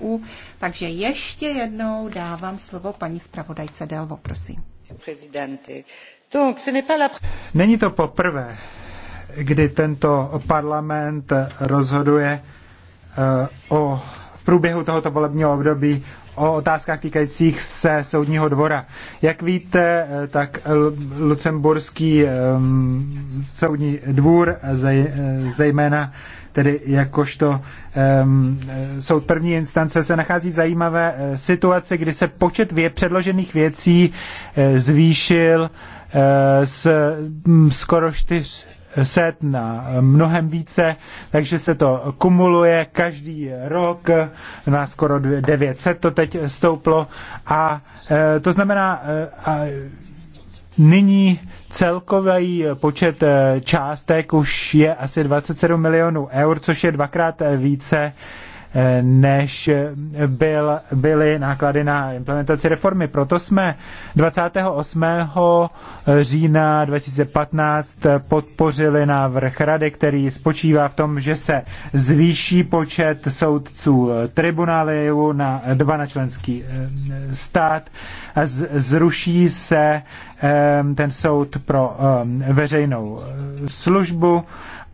EU. Takže ještě jednou dávám slovo paní zpravodajce Delvo, prosím. Není to poprvé, kdy tento parlament rozhoduje eh, o, v průběhu tohoto volebního období o otázkách týkajících se soudního dvora. Jak víte, tak Lucemburský soudní dvůr, zejména tedy jakožto um, soud první instance, se nachází v zajímavé eh, situaci, kdy se počet vě, předložených věcí eh, zvýšil uh, eh, z um, skoro čtyř set na mnohem více, takže se to kumuluje každý rok na skoro 900 to teď stouplo a e, to znamená e, a nyní celkový počet e, částek už je asi 27 milionů eur, což je dvakrát více než byl, byly náklady na implementaci reformy. Proto jsme 28. října 2015 podpořili návrh rady, který spočívá v tom, že se zvýší počet soudců tribunálu na dva na členský eh, stát a zruší se eh, ten soud pro eh, veřejnou službu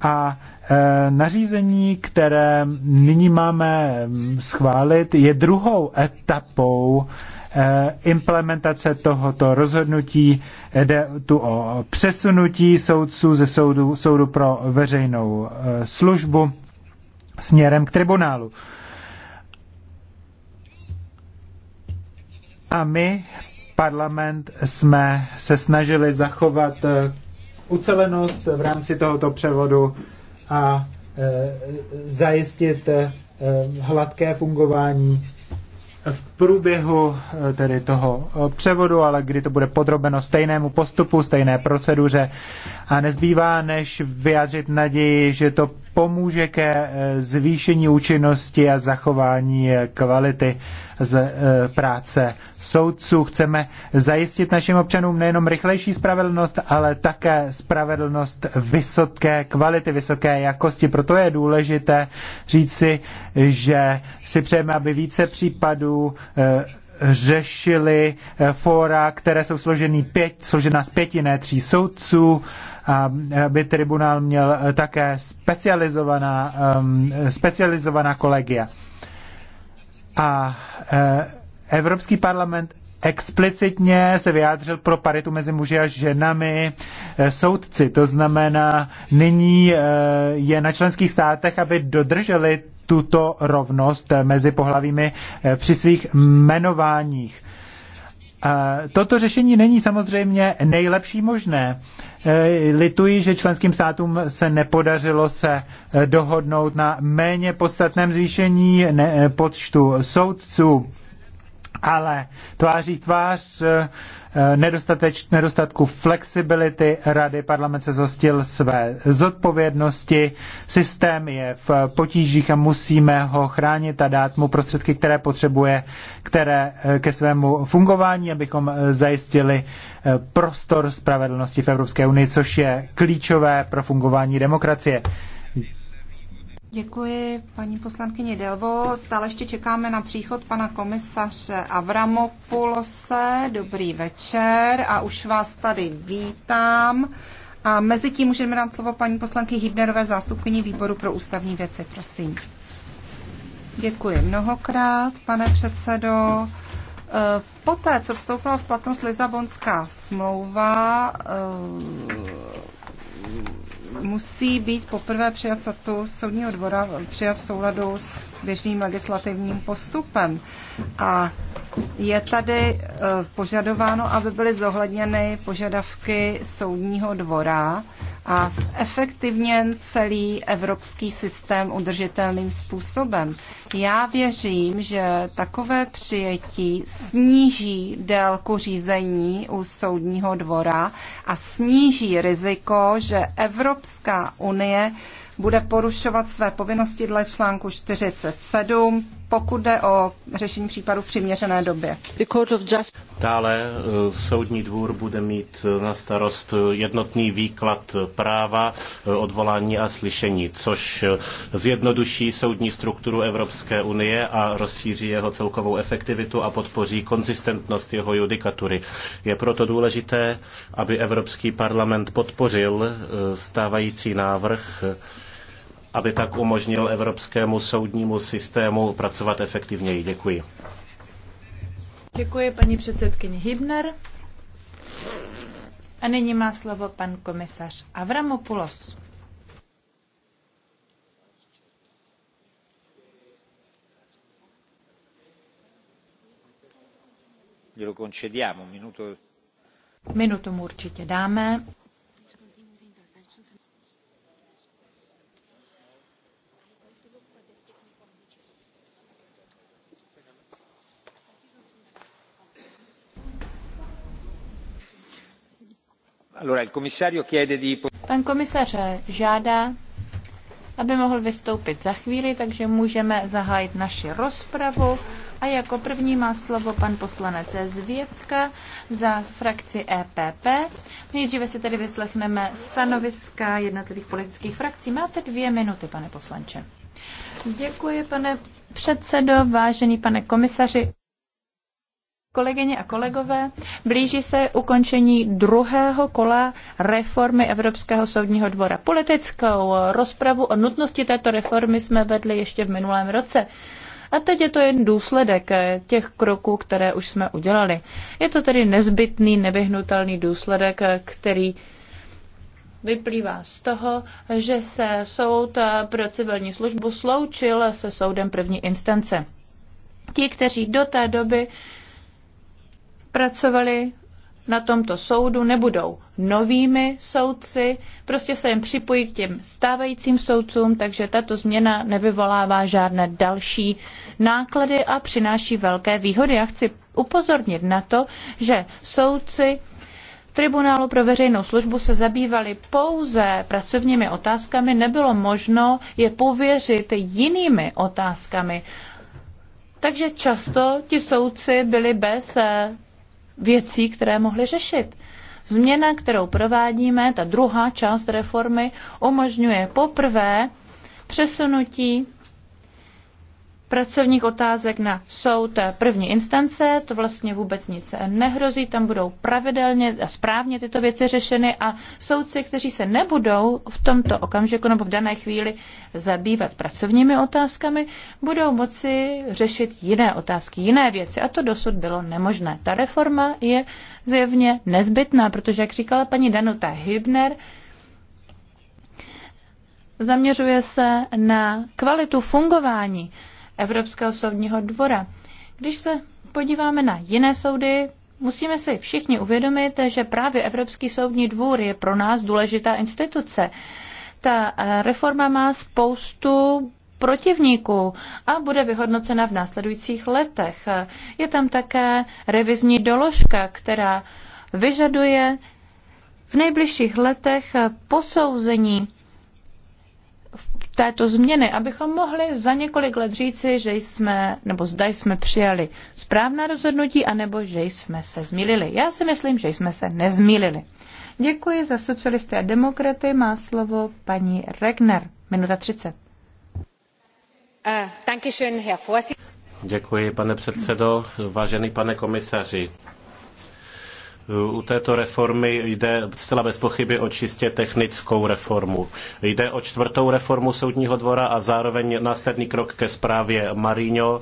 a Eh, nařízení, které nyní máme mm, schválit, je druhou etapou eh, implementace tohoto rozhodnutí. Jde tu o přesunutí soudců ze soudu, soudu pro veřejnou eh, službu směrem k tribunálu. A my, parlament, jsme se snažili zachovat ucelenost v rámci tohoto převodu a e, zajistit e, hladké fungování v průběhu e, tedy toho převodu, ale kdy to bude podrobeno stejnému postupu, stejné proceduře a nezbývá, než vyjádřit naději, že to pomůže ke eh, zvýšení účinnosti a zachování eh, kvality z eh, práce soudců. Chceme zajistit našim občanům nejenom rychlejší spravedlnost, ale také spravedlnost vysoké kvality, vysoké jakosti. Proto je důležité říci, že si přejeme, aby více případů řešili fóra, které jsou složený pět, složená z pěti, ne tří soudců, aby e, tribunál měl e, také specializovaná, specializovaná kolegia. A e, Evropský parlament explicitně se vyjádřil pro paritu mezi muži a ženami soudci. To znamená, nyní je na členských státech, aby dodrželi tuto rovnost mezi pohlavími při svých jmenováních. Toto řešení není samozřejmě nejlepší možné. E, lituji, že členským státům se nepodařilo se e, dohodnout na méně podstatném zvýšení e, počtu soudců ale tváří tvář eh, eh, nedostateč, nedostatku flexibility rady parlament se zhostil své zodpovědnosti. Systém je v potížích a musíme ho chránit a dát mu prostředky, které potřebuje které eh, ke svému fungování, abychom zajistili prostor spravedlnosti v Evropské unii, což je klíčové pro fungování demokracie. Děkuji paní poslankyni Delvo. Stále ještě čekáme na příchod pana komisaře Avramopulose. Dobrý večer a už vás tady vítám. A mezi tím můžeme dát slovo paní poslanky Hybnerové zástupkyni výboru pro ústavní věci. Prosím. Děkuji mnohokrát, pane předsedo. E, poté, co vstoupila v platnost Lizabonská smlouva, e, musí být poprvé přijat statut soudního dvora přijat v souladu s běžným legislativním postupem a je tady eh, požadováno, aby byly zohledněny požadavky soudního dvora a efektivně celý evropský systém udržitelným způsobem. Já věřím, že takové přijetí sníží délku řízení u soudního dvora a sníží riziko, že Evropská unie bude porušovat své povinnosti dle článku 47 pokud jde o řešení případů v přiměřené době. Dále eh, soudní dvůr bude mít eh, na starost eh, jednotný výklad práva, odvolání a slyšení, což zjednoduší soudní strukturu Evropské unie a rozšíří jeho celkovou efektivitu a podpoří konzistentnost jeho judikatury. Je proto důležité, aby Evropský parlament podpořil stávající návrh aby tak umožnil evropskému soudnímu systému pracovat efektivněji. Děkuji. Děkuji paní předsedkyni Hibner. A nyní má slovo pan komisař Avramopoulos. Minutu mu určitě dáme. Pan komisař žádá, aby mohl vystoupit za chvíli, takže můžeme zahájit naši rozpravu. A jako první má slovo pan poslanec Zvěvka za frakci EPP. Nejdříve si tedy vyslechneme stanoviska jednotlivých politických frakcí. Máte dvě minuty, pane poslanče. Děkuji, pane předsedo, vážený pane komisaři. Kolegyně a kolegové, blíží se ukončení druhého kola reformy Evropského soudního dvora. Politickou rozpravu o nutnosti této reformy jsme vedli ještě v minulém roce. A teď je to jen důsledek těch kroků, které už jsme udělali. Je to tedy nezbytný, nevyhnutelný důsledek, který vyplývá z toho, že se soud pro civilní službu sloučil se soudem první instance. Ti, kteří do té doby pracovali na tomto soudu, nebudou novými soudci, prostě se jim připojí k těm stávajícím soudcům, takže tato změna nevyvolává žádné další náklady a přináší velké výhody. Já chci upozornit na to, že soudci tribunálu pro veřejnou službu se zabývali pouze pracovními otázkami, nebylo možno je pověřit jinými otázkami. Takže často ti soudci byli bez eh, věcí, které mohli řešit. Změna, kterou provádíme, ta druhá část reformy, umožňuje poprvé přesunutí pracovních otázek na soud první instance, to vlastně vůbec nic nehrozí, tam budou pravidelně a správně tyto věci řešeny a soudci, kteří se nebudou v tomto okamžiku nebo v dané chvíli zabývat pracovními otázkami, budou moci řešit jiné otázky, jiné věci a to dosud bylo nemožné. Ta reforma je zjevně nezbytná, protože, jak říkala paní Danuta Hybner, zaměřuje se na kvalitu fungování Evropského soudního dvora. Když se podíváme na jiné soudy, musíme si všichni uvědomit, že právě Evropský soudní dvůr je pro nás důležitá instituce. Ta eh, reforma má spoustu protivníků a bude vyhodnocena v následujících letech. Je tam také revizní doložka, která vyžaduje v nejbližších letech posouzení této změny, abychom mohli za několik let říci, že jsme, nebo zda jsme přijali správná rozhodnutí, anebo že jsme se zmílili. Já si myslím, že jsme se nezmílili. Děkuji za socialisty a demokraty. Má slovo paní Regner. Minuta 30. Eh, Děkuji, pane předsedo. Vážený pane komisaři, u této reformy jde zcela bez pochyby o čistě technickou reformu. Jde o čtvrtou reformu Soudního dvora a zároveň následný krok ke zprávě Marino,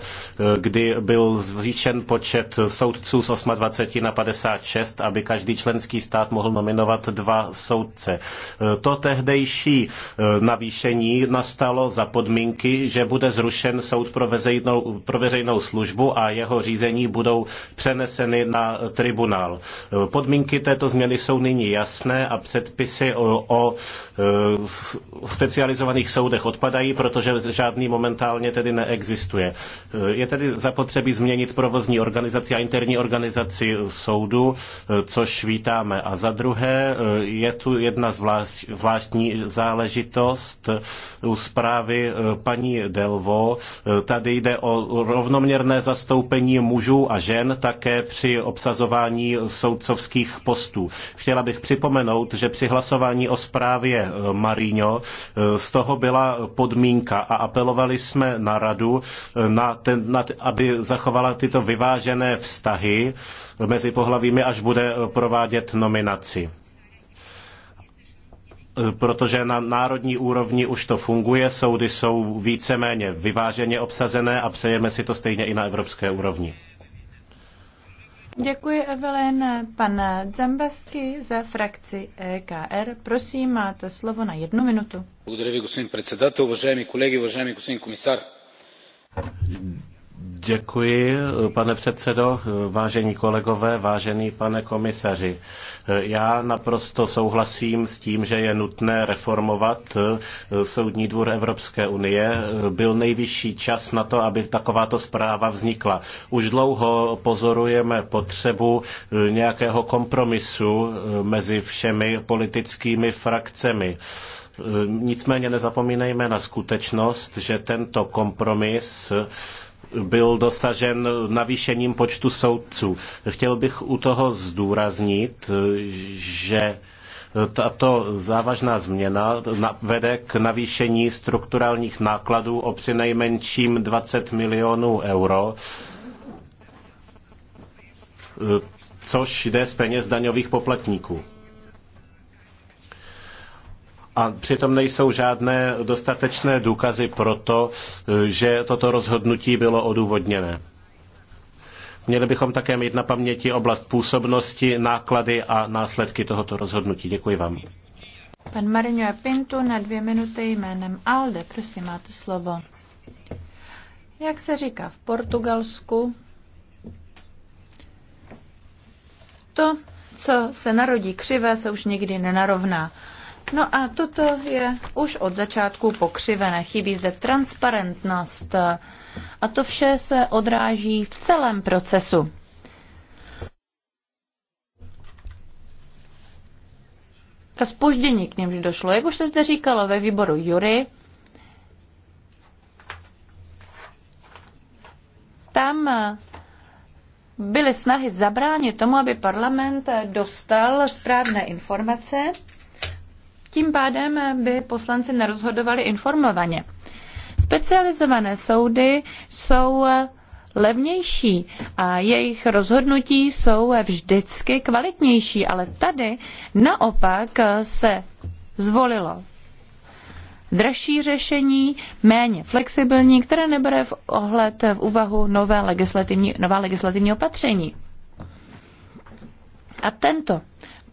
kdy byl zvýšen počet soudců z 28 na 56, aby každý členský stát mohl nominovat dva soudce. To tehdejší eh, navýšení nastalo za podmínky, že bude zrušen soud pro veřejnou, pro veřejnou službu a jeho řízení budou přeneseny na tribunál. Podmínky této změny jsou nyní jasné a předpisy o, o e, specializovaných soudech odpadají, protože žádný momentálně tedy neexistuje. E, je tedy zapotřebí změnit provozní organizaci a interní organizaci soudu, e, což vítáme. A za druhé je tu jedna zvlášť, zvláštní záležitost u zprávy paní Delvo. Tady jde o rovnoměrné zastoupení mužů a žen také při obsazování soudů otcovských postů. Chtěla bych připomenout, že při hlasování o zprávě eh, Marino eh, z toho byla podmínka a apelovali jsme na radu, eh, na ten, na, aby zachovala tyto vyvážené vztahy mezi pohlavími, až bude provádět nominaci protože na národní úrovni už to funguje, soudy jsou víceméně vyváženě obsazené a přejeme si to stejně i na evropské úrovni. Děkuji, Evelyn. Pan Zambasky ze frakci EKR. Prosím, máte slovo na jednu minutu. Děkuji, gospodin předsedatel, vážení kolegy, vážený gospodin komisar. Děkuji, pane předsedo, vážení kolegové, vážený pane komisaři. Já naprosto souhlasím s tím, že je nutné reformovat Soudní dvůr Evropské unie. Byl nejvyšší čas na to, aby takováto zpráva vznikla. Už dlouho pozorujeme potřebu nějakého kompromisu mezi všemi politickými frakcemi. Nicméně nezapomínejme na skutečnost, že tento kompromis byl dosažen navýšením počtu soudců. Chtěl bych u toho zdůraznit, že tato závažná změna vede k navýšení strukturálních nákladů o přinejmenším 20 milionů euro, což jde z peněz daňových poplatníků. A přitom nejsou žádné dostatečné důkazy pro to, že toto rozhodnutí bylo odůvodněné. Měli bychom také mít na paměti oblast působnosti, náklady a následky tohoto rozhodnutí. Děkuji vám. Pan Marino Pintu na dvě minuty jménem Alde, prosím, máte slovo. Jak se říká v Portugalsku, to, co se narodí křivé, se už nikdy nenarovná. No a toto je už od začátku pokřivené. Chybí zde transparentnost a to vše se odráží v celém procesu. A spoždění k němž došlo, jak už se zde říkalo ve výboru Jury, tam byly snahy zabránit tomu, aby parlament dostal správné informace tím pádem by poslanci nerozhodovali informovaně. Specializované soudy jsou levnější a jejich rozhodnutí jsou vždycky kvalitnější, ale tady naopak se zvolilo dražší řešení, méně flexibilní, které nebere v ohled v úvahu nové legislativní, nová legislativní opatření. A tento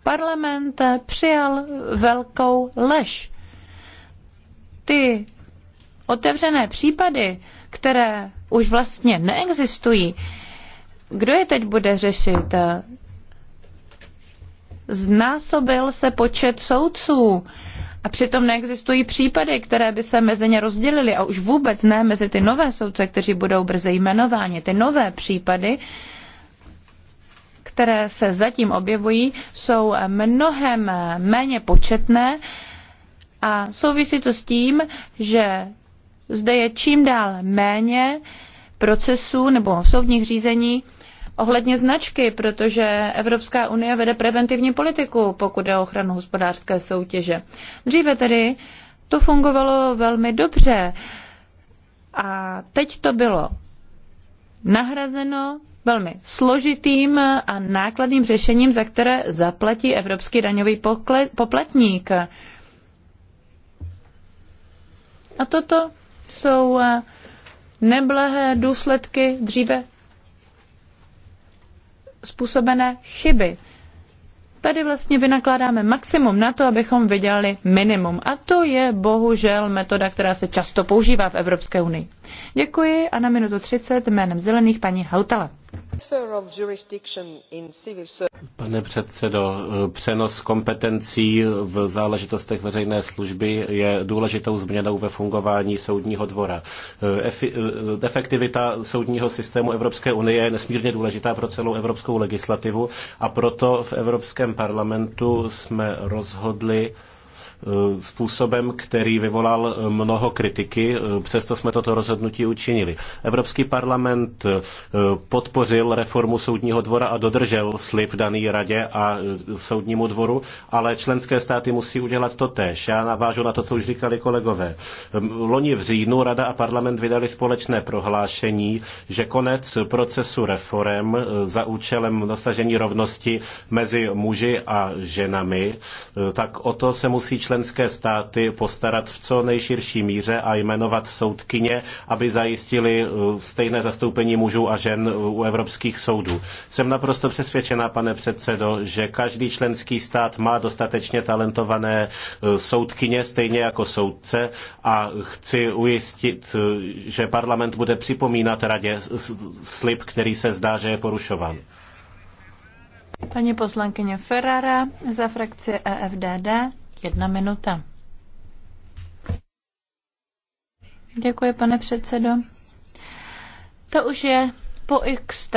parlament přijal velkou lež. Ty otevřené případy, které už vlastně neexistují, kdo je teď bude řešit? Znásobil se počet soudců a přitom neexistují případy, které by se mezi ně rozdělily a už vůbec ne mezi ty nové soudce, kteří budou brzy jmenováni. Ty nové případy uh, které se zatím objevují, jsou mnohem méně početné a souvisí to s tím, že zde je čím dál méně procesů nebo soudních řízení ohledně značky, protože Evropská unie vede preventivní politiku, pokud je o ochranu hospodářské soutěže. Dříve tedy to fungovalo velmi dobře a teď to bylo nahrazeno velmi složitým a nákladným řešením, za které zaplatí evropský daňový poplatník. A toto jsou eh, neblehé důsledky dříve způsobené chyby. Tady vlastně vynakládáme maximum na to, abychom vydělali minimum. A to je bohužel metoda, která se často používá v Evropské unii. Děkuji a na minutu 30 jménem zelených paní Hautala. Pane předsedo, přenos kompetencí v záležitostech veřejné služby je důležitou změnou ve fungování soudního dvora. Efektivita soudního systému Evropské unie je nesmírně důležitá pro celou evropskou legislativu a proto v Evropském parlamentu jsme rozhodli, Eh, způsobem, který vyvolal eh, mnoho kritiky, eh, přesto jsme toto rozhodnutí učinili. Evropský parlament podpořil reformu soudního dvora a dodržel slib daný radě a soudnímu dvoru, ale členské státy musí udělat to tež. Já navážu na to, co už říkali kolegové. Ehm, loni v říjnu rada a parlament vydali společné prohlášení, že konec procesu reform za účelem dosažení rovnosti mezi muži a ženami, tak o to se musí členské členské státy postarat v co nejširší míře a jmenovat soudkyně, aby zajistili uh, stejné zastoupení mužů a žen uh, u evropských soudů. Jsem naprosto přesvědčená, pane předsedo, že každý členský stát má dostatečně talentované uh, soudkyně, stejně jako soudce a chci ujistit, že parlament bude připomínat radě slib, který se zdá, že je porušován. Paní poslankyně Ferrara za frakci EFDD. Jedna minuta. Děkuji, pane předsedo. To už je po XT,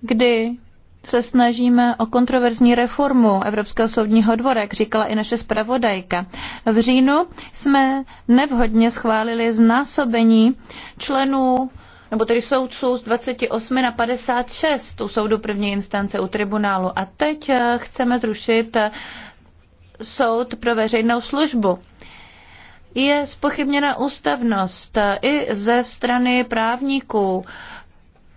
kdy se snažíme o kontroverzní reformu Evropského soudního dvora, jak říkala i naše zpravodajka. V říjnu jsme nevhodně schválili znásobení členů nebo tedy soudců z 28 na 56 u soudu první instance, u tribunálu. A teď eh, chceme zrušit eh, soud pro veřejnou službu. Je spochybněna ústavnost eh, i ze strany právníků,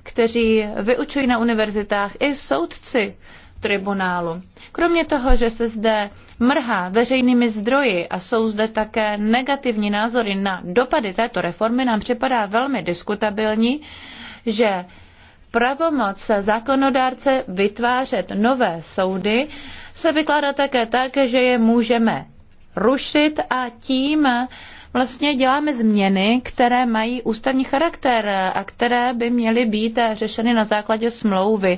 kteří vyučují na univerzitách, i soudci tribunálu. Kromě toho, že se zde mrhá veřejnými zdroji a jsou zde také negativní názory na dopady této reformy, nám připadá velmi diskutabilní, že pravomoc zákonodárce vytvářet nové soudy se vykládá také tak, že je můžeme rušit a tím vlastně děláme změny, které mají ústavní charakter a které by měly být řešeny na základě smlouvy.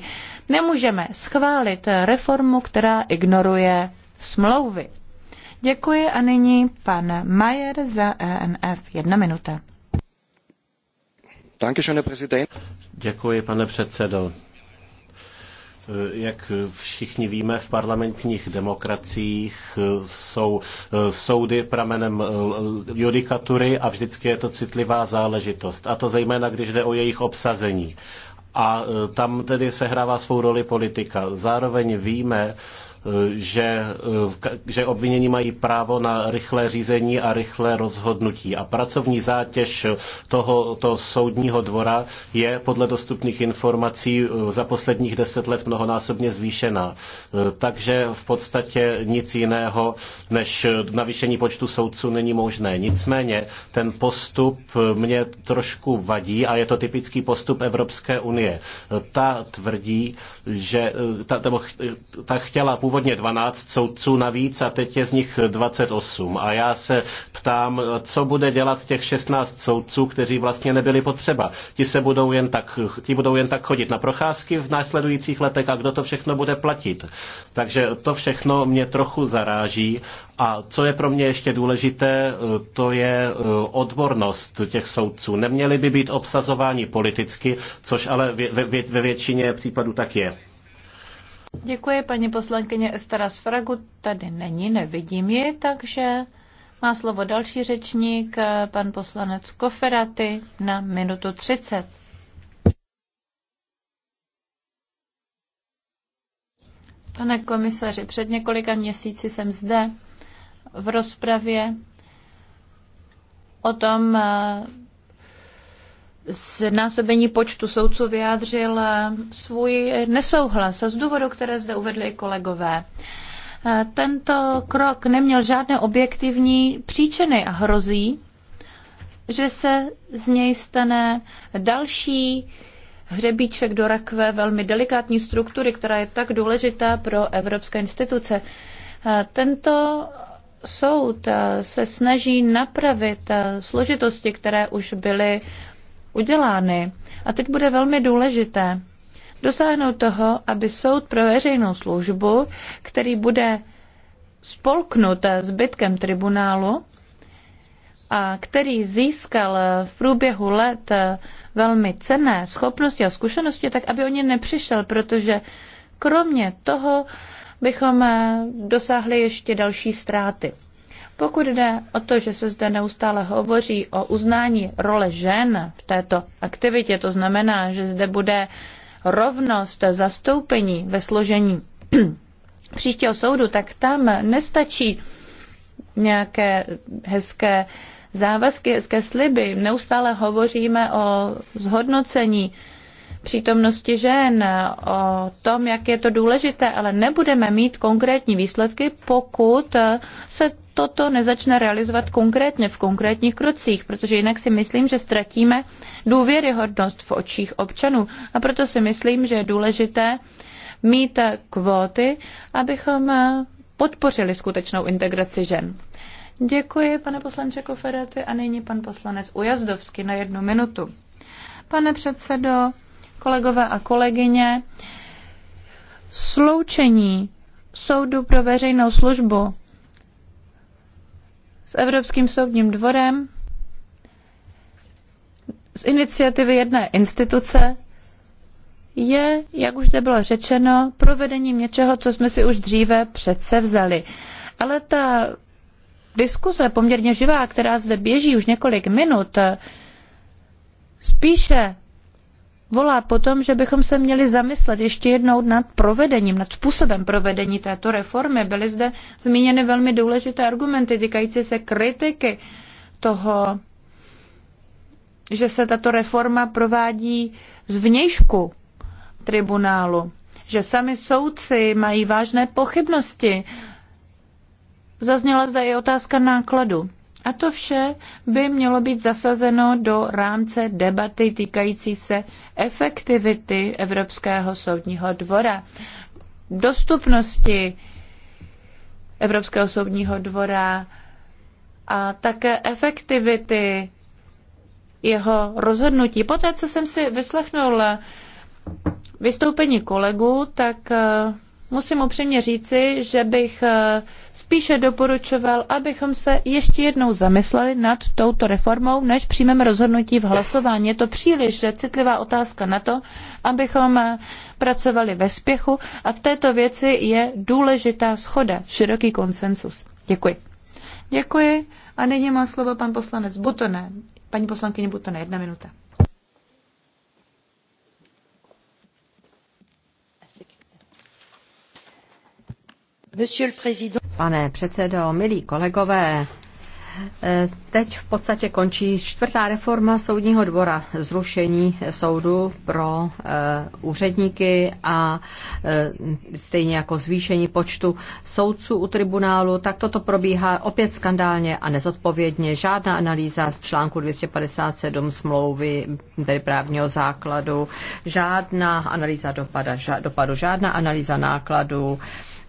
Nemůžeme schválit reformu, která ignoruje smlouvy. Děkuji a nyní pan Majer za ENF. Jedna minuta. Děkuji, pane předsedo. Eh, jak všichni víme, v parlamentních demokraciích eh, jsou eh, soudy pramenem judikatury a vždycky je to citlivá záležitost. A to zejména, když jde o jejich obsazení. A tam tedy sehrává svou roli politika. Zároveň víme, že, eh, že obvinění mají právo na rychlé řízení a rychlé rozhodnutí. A pracovní zátěž tohoto soudního dvora je podle dostupných informací eh, za posledních deset let mnohonásobně zvýšená. Eh, takže v podstatě nic jiného než navýšení počtu soudců není možné. Nicméně ten postup mě trošku vadí a je to typický postup Evropské unie. Ta tvrdí, že ta, ta chtěla původně původně 12 soudců navíc a teď je z nich 28. A já se ptám, co bude dělat těch 16 soudců, kteří vlastně nebyli potřeba. Ti se budou jen tak, ti budou jen tak chodit na procházky v následujících letech a kdo to všechno bude platit. Takže to všechno mě trochu zaráží a co je pro mě ještě důležité, to je eh, odbornost těch soudců. Neměli by být obsazováni politicky, což ale ve, ve, ve většině případů tak je. Děkuji, paní poslankyně Estera Sfragu tady není, nevidím ji, takže má slovo další řečník, pan poslanec Koferaty na minutu 30. Pane komisaři, před několika měsíci jsem zde v rozpravě o tom, znásobení počtu soudců vyjádřil eh, svůj nesouhlas a z důvodu, které zde uvedli i kolegové. Eh, tento krok neměl žádné objektivní příčiny a hrozí, že se z něj stane další hřebíček do rakve velmi delikátní struktury, která je tak důležitá pro evropské instituce. Eh, tento soud se snaží napravit složitosti, které už byly udělány. A teď bude velmi důležité dosáhnout toho, aby soud pro veřejnou službu, který bude spolknut zbytkem tribunálu a který získal v průběhu let velmi cenné schopnosti a zkušenosti, tak aby o ně nepřišel, protože kromě toho bychom dosáhli ještě další ztráty. Pokud jde o to, že se zde neustále hovoří o uznání role žen v této aktivitě, to znamená, že zde bude rovnost zastoupení ve složení příštího soudu, tak tam nestačí nějaké hezké závazky, hezké sliby. Neustále hovoříme o zhodnocení přítomnosti žen, o tom, jak je to důležité, ale nebudeme mít konkrétní výsledky, pokud se toto nezačne realizovat konkrétně v konkrétních krocích, protože jinak si myslím, že ztratíme důvěryhodnost v očích občanů. A proto si myslím, že je důležité mít kvóty, abychom podpořili skutečnou integraci žen. Děkuji, pane poslanče Koferaci, a nyní pan poslanec Ujazdovský na jednu minutu. Pane předsedo, kolegové a kolegyně, sloučení soudu pro veřejnou službu s Evropským soudním dvorem z iniciativy jedné instituce je, jak už zde bylo řečeno, provedením něčeho, co jsme si už dříve přece vzali. Ale ta diskuse poměrně živá, která zde běží už několik minut, spíše volá potom, že bychom se měli zamyslet ještě jednou nad provedením, nad způsobem provedení této reformy. Byly zde zmíněny velmi důležité argumenty týkající se kritiky toho, že se tato reforma provádí zvnějšku tribunálu, že sami soudci mají vážné pochybnosti. Zazněla zde i otázka nákladu. A to vše by mělo být zasazeno do rámce debaty týkající se efektivity Evropského soudního dvora, dostupnosti Evropského soudního dvora a také efektivity jeho rozhodnutí. Poté, co jsem si vyslechnul vystoupení kolegů, tak eh, musím upřímně říci, že bych eh, spíše doporučoval, abychom se ještě jednou zamysleli nad touto reformou, než přijmeme rozhodnutí v hlasování. Je to příliš citlivá otázka na to, abychom eh, pracovali ve spěchu a v této věci je důležitá schoda, široký konsensus. Děkuji. Děkuji. A nyní má slovo pan poslanec Butone. Paní poslankyně Butone, jedna minuta. Pane předsedo, milí kolegové, eh, Teď v podstatě končí čtvrtá reforma soudního dvora, zrušení soudu pro eh, úředníky a eh, stejně jako zvýšení počtu soudců u tribunálu. Tak toto probíhá opět skandálně a nezodpovědně. Žádná analýza z článku 257 smlouvy, tedy právního základu, žádná analýza dopada, ža, dopadu, žádná analýza nákladů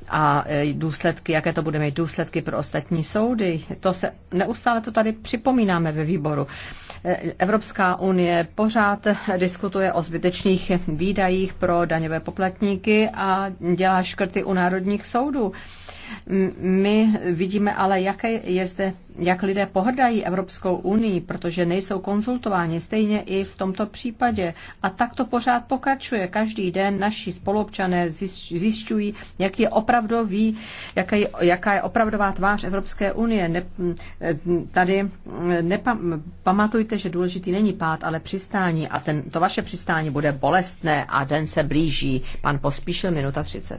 a e, důsledky, jaké to bude mít důsledky pro ostatní soudy. To se, neustále to tady připomínáme ve výboru. E, Evropská unie pořád diskutuje o zbytečných výdajích pro daňové poplatníky a dělá škrty u národních soudů. My vidíme ale, jaké je zde, jak lidé pohrdají Evropskou unii, protože nejsou konzultováni, stejně i v tomto případě. A tak to pořád pokračuje. Každý den naši spolupčané zjišťují, jak je opravdový, jaká je, jaká je opravdová tvář Evropské unie. Ne, tady pamatujte, že důležitý není pád, ale přistání. A ten, to vaše přistání bude bolestné a den se blíží. Pan Pospíšil, minuta 30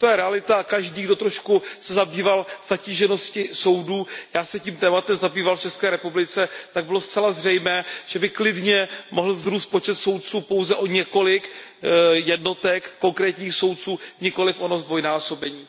to je realita každý kdo se trošku zabýval zatížeností soudů já se tím tématem zabýval v české republice tak bylo zcela zřejmé že by klidně mohl vzrůst počet soudců pouze o několik eh, jednotek konkrétních soudců nikoliv ono zdvojnásobení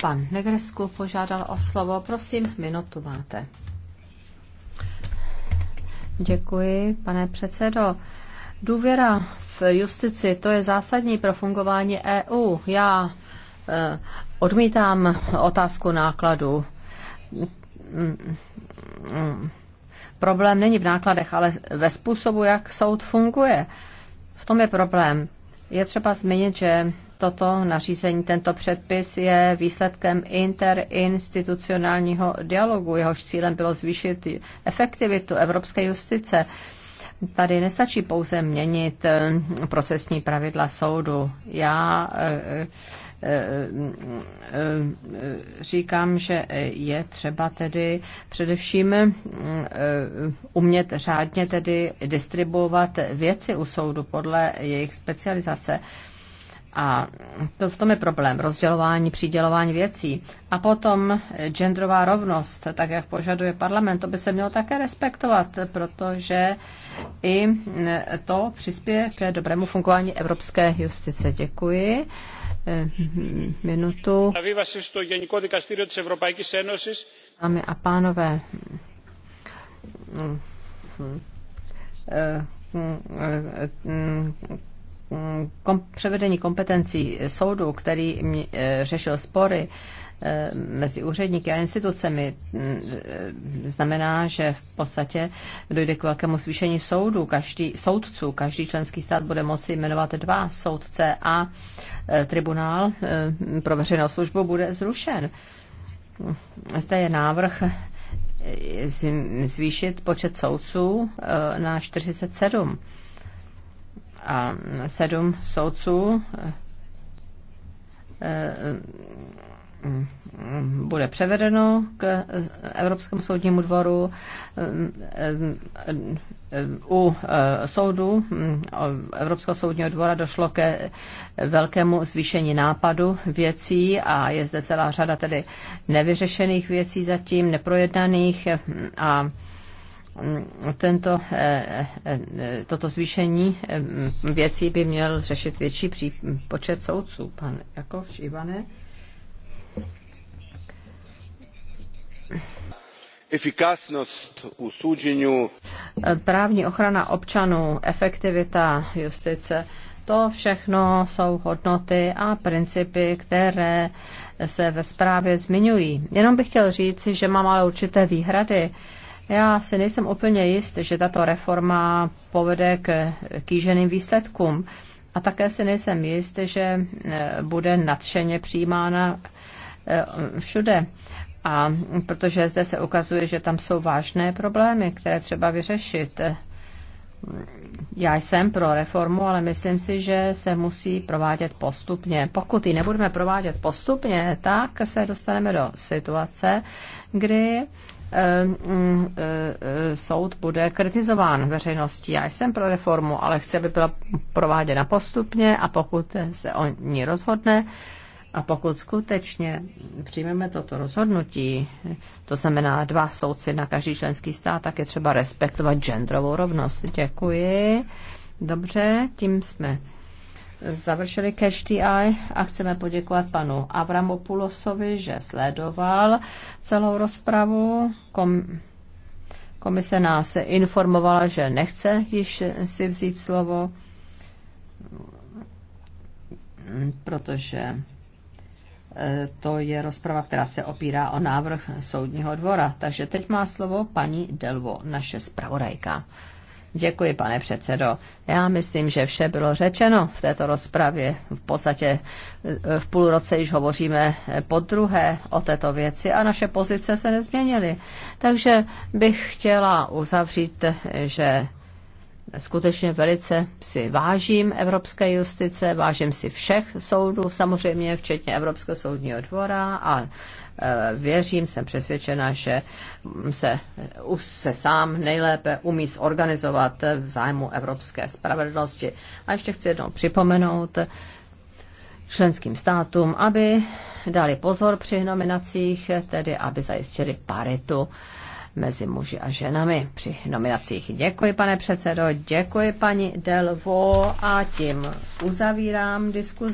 Pan Negresku požádal o slovo. Prosím, minutu máte. Děkuji, pane předsedo. Důvěra v justici, to je zásadní pro fungování EU. Já eh, odmítám otázku nákladu. Problém není v nákladech, ale ve způsobu, jak soud funguje. V tom je problém. Je třeba zmínit, že toto nařízení, tento předpis je výsledkem interinstitucionálního dialogu. Jehož cílem bylo zvýšit efektivitu evropské justice. Tady nestačí pouze měnit eh, procesní pravidla soudu. Já eh, říkám, že je třeba tedy především eh, umět řádně tedy distribuovat věci u soudu podle jejich specializace. A to, v tom je problém, rozdělování, přidělování věcí. A potom genderová rovnost, tak jak požaduje parlament, to by se mělo také respektovat, protože i to přispěje ke dobrému fungování evropské justice. Děkuji. Eh, minutu. Dámy a pánové, eh, eh, Mm, kom, převedení kompetencí soudu, který eh, řešil spory eh, mezi úředníky a institucemi, mm, znamená, že v podstatě dojde k velkému zvýšení soudu, každý soudců, každý členský stát bude moci jmenovat dva soudce a eh, tribunál pro veřejnou službu bude zrušen. Zde je návrh zvýšit počet soudců na 47 a sedm soudců eh, bude převedeno k Evropskému soudnímu dvoru. Eh, u eh, soudu Evropského soudního dvora došlo ke velkému zvýšení nápadu věcí a je zde celá řada tedy nevyřešených věcí zatím, neprojednaných a Mm, tento, eh, eh, eh, toto zvýšení věcí by měl řešit větší počet soudců. Pan Jakovš Ivane. efikasnost u suđenju. Právní ochrana občanů, efektivita justice, to všechno jsou hodnoty a principy, které se ve zprávě zmiňují. Jenom bych chtěl říct, že mám ale určité výhrady já si nejsem úplně jist, že tato reforma povede k kýženým výsledkům. A také si nejsem jist, že e, bude nadšeně přijímána e, všude. A protože zde se ukazuje, že tam jsou vážné problémy, které třeba vyřešit. Já jsem pro reformu, ale myslím si, že se musí provádět postupně. Pokud ji nebudeme provádět postupně, tak se dostaneme do situace, kdy Eh, eh, soud bude kritizován veřejností. Já jsem pro reformu, ale chci, aby byla prováděna postupně a pokud se o ní rozhodne, a pokud skutečně přijmeme toto rozhodnutí, to znamená dva soudci na každý členský stát, tak je třeba respektovat genderovou rovnost. Děkuji. Dobře, tím jsme završili Cash TI a chceme poděkovat panu Avramopulosovi, že sledoval celou rozpravu. Kom- komise nás informovala, že nechce již si vzít slovo, protože e, to je rozprava, která se opírá o návrh soudního dvora. Takže teď má slovo paní Delvo, naše zpravodajka. Děkuji, pane předsedo. Já myslím, že vše bylo řečeno v této rozpravě. V podstatě eh, v půl roce již hovoříme eh, po druhé o této věci a naše pozice se nezměnily. Takže bych chtěla uzavřít, eh, že skutečně velice si vážím evropské justice, vážím si všech soudů, samozřejmě včetně Evropského soudního dvora a Eh, věřím, jsem přesvědčena, že se, se sám nejlépe umí zorganizovat v zájmu evropské spravedlnosti. A ještě chci jednou připomenout členským státům, aby dali pozor při nominacích, tedy aby zajistili paritu mezi muži a ženami při nominacích. Děkuji, pane předsedo, děkuji, paní Delvo, a tím uzavírám diskuzi.